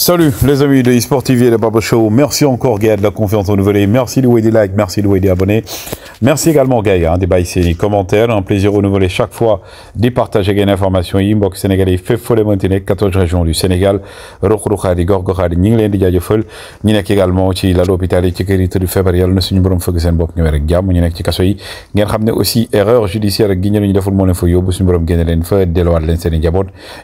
Salut les amis de eSport TV et de Papa Show. Merci encore Gaël de la confiance renouvelée. Merci de louer des likes, merci de louer des abonnés. Merci également Gaël hein, des bails et des commentaires. Un plaisir renouvelé chaque fois des partages et des informations. Inbox sénégalais, fait folle Monténégro, 14 régions du Sénégal. Rokhroukhadi, Gorgokhadi, Ninglen, Diadjofol. Nous sommes également aussi à l'hôpital et sécurité du février. Nous sommes en train de faire des choses. Nous sommes en train de Nous aussi erreur judiciaire. Nous sommes en train de faire des choses. Nous sommes en train de faire des choses.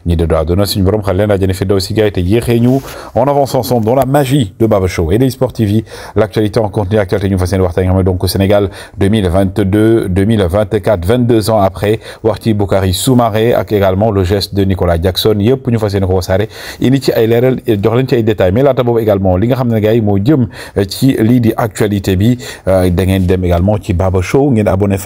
Nous sommes en train de faire Nous sommes en train de faire des choses. Nous sommes en train de faire on avance ensemble dans la magie de Baba Show et des Sport TV. L'actualité en contenu actualité nous faisons voir donc au Sénégal 2022, 2024, 22 ans après, Warti Boukari Soumaré avec également le geste de Nicolas Jackson. Yep, nous faisons ko wasaare indi ci ay et jox mais là, d'abord également li nga xam ne gars yi jëm euh, ci di actualité bi euh, da dem également ci Baba Show ngeen abonné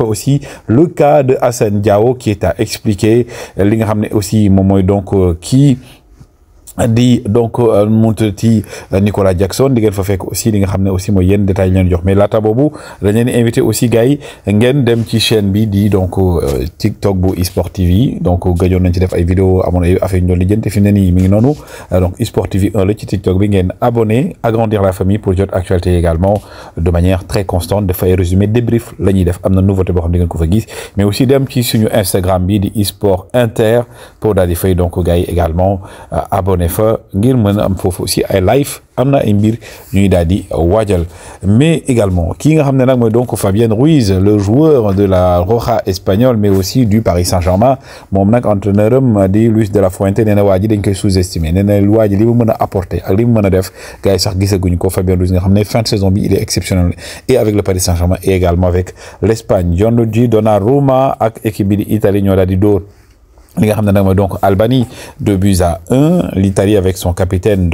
aussi le cas de Hassan Diao qui est à expliquer li nga aussi moom donc qui. Euh, di donc euh, monteti euh, Nicolas Jackson di fa fek aussi li nga xamné aussi moy yenn détail ñen jox mais laata bobu dañ leen invité aussi gay ngeen dem ci chaîne bi di donc euh, TikTok bu eSport TV donc gëjoon nañ ci def ay vidéo amone affaire ñu doon lijjanti fi mu mi ngi nonu donc eSport TV 1 la ci TikTok bi ngeen abonné agrandir la famille pour jot actualité également de manière très constante faire résumé débrief la des def L'année nouveauté bo xam di ngeen ko fa gis mais aussi dem ci suñu Instagram bi di eSport Inter pour daal di fay donc gay également abonné ne fa ngir mën a am fofu aussi ay live amna ay mbir ñuy daal di mais également ki nga xam nak moy donc Fabien Ruiz le joueur de la Roja espagnole mais aussi du Paris Saint-Germain moom nag entraîneur di Luis de la Fuente nee na waa dañ koy sous-estimer nee na waa li mu mën a apporter ak li mu a def gars sax gisaguñ ko Fabien Ruiz nga xam fin de saison bi il est exceptionnel et avec le Paris Saint-Germain et également avec l'Espagne Gianluigi Donnarumma ak équipe bi di Italie ñoo li nga xam ne nag mooy donc Albanie deux buts à un l'Italie avec son capitaine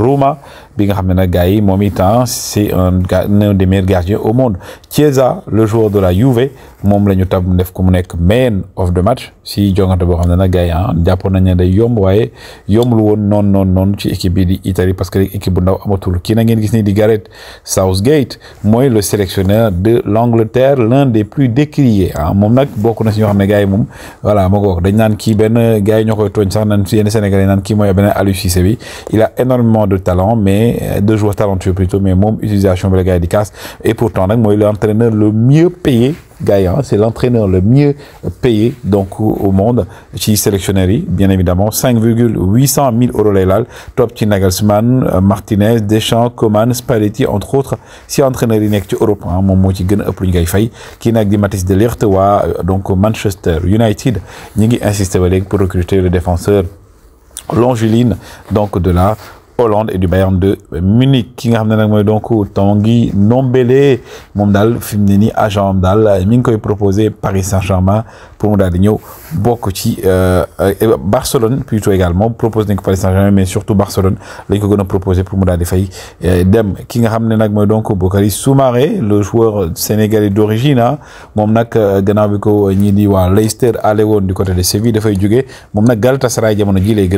roma bi nga xam ne nag gars yi moom itam hein, c'est un un des meilleurs gardiens au monde Chiesa le joueur de la Juve moom la ñu tab def ko mu nekk man of the match si jongante boo xam ne nag gars yi ah jàppoon nañ ne day yomb waaye yombul woon noonu noonu noonu ci équipe bi di Italie parce que équipe bu ndaw amatul kii na ngeen gis ni di Gareth Southgate mooy le sélectionneur de l'Angleterre l'un des plus décriés ah moom nag bokk na si ñoo xam ne gars yi moom voilà ma ko dañ naan qui ben gagne gars yi ñoo koy tooñ sax naan Sénégalais qui kii mooy benn Aliou Cissé bi il a énormément de talent mais euh, de joueurs talentueux plutôt mais moom utilisation bi la gars di casse et pourtant il est entraîneur le mieux payé Gaïa, c'est l'entraîneur le mieux payé donc au monde chez les bien évidemment 5,800 000 euros top Top Martinez Deschamps Coman Spalletti entre autres si l'entraîneur yi ci Europe ah, moom moo ci a de Lirtewa, donc Manchester United ñi a insister pour recruter le défenseur Longeline, donc de la Hollande et du Bayern de Munich Qui nga nag donc Tanguy Nombele, Mondal, daal eh, proposé Paris Saint-Germain pour mu daal euh, eh, Barcelone plutôt également propose nañ Paris Saint-Germain mais surtout Barcelone Lesquels ko gën proposé pour mu eh, dem ki nga xam donc Soumaré le joueur sénégalais d'origine ah. Momnak Ganaviko, nag euh, Leicester Alewon, du côté de Séville de jóge moom nag Galatasaray jamono ji lay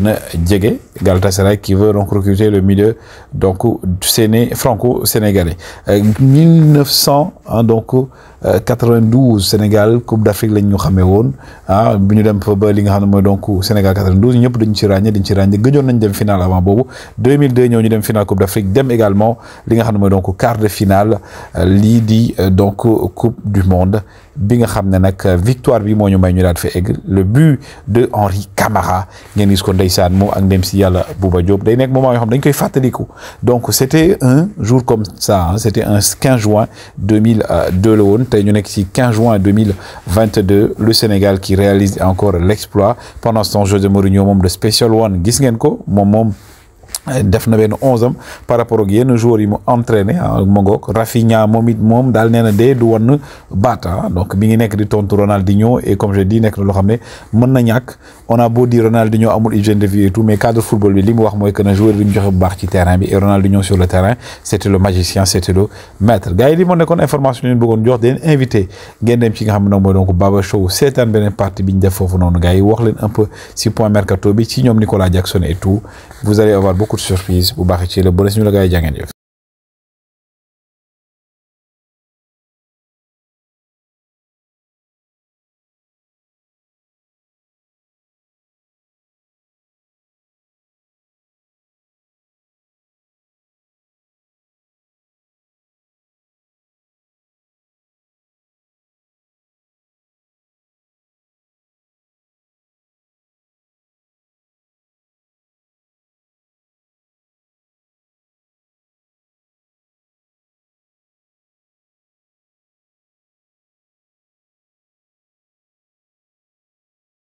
Galatasaray qui veut le milieu donc franco-sénégalais. 1900 euh, hein, donc 92 euh, Sénégal Coupe d'Afrique lañ ñu xamee woon ah bi dem fa ba li nga xamné donc Sénégal 92 ñëpp dañ ci ràññee dañ ci ràññee gëjoon nañ dem final avant bobu 2002 ñëw ñu dem final Coupe d'Afrique dem également li nga xamné donc quart de finale euh, li di euh, donc Coupe du Monde bi nga xamné nak victoire bi mo ñu may ñu daal fa egg le but de Henri Camara ngeen gis ko ndeysaan moom ak ndem si Yalla Bouba Diop day nek moment yo xam dañ koy fàttaliku donc c'était un jour comme ça hein, c'était un 15 juin 2002 tey 15 juin 2022 le Sénégal qui réalise encore l'exploit pendant ce temps de Mourinho membre de Special One Gisgenko, mon ko def na benn 11 am par rapport ak yenn joueurs yi mu entraîné ah ma ngoog Rafinha moom it moom daal nee na dee du wan baat ah. donc mi ngi nekk di tontu Ronaldinho et comme je dis nekk na loo xam ne mën na ñàkk on a beau dire Ronaldinho amul hygiène de vie et tout mais cadre football bi li mu wax mooy que na joueur bi mu joxe bu baax ci terrain bi et Ronaldinho sur le terrain c' était le magicien c' était le maître gars yi li moo nekkoon information ñu bëggoon jox deen invité ngeen dem ci nga xam ne mooy donc Baba Show seetaan beneen partie bi ñu def foofu noonu gars yi wax leen un peu si point mercato bi ci ñoom Nicolas Jackson et tout vous allez avoir beaucoup nekkul surprise bu baax ci la bu la suñu la gaa yi jàngeen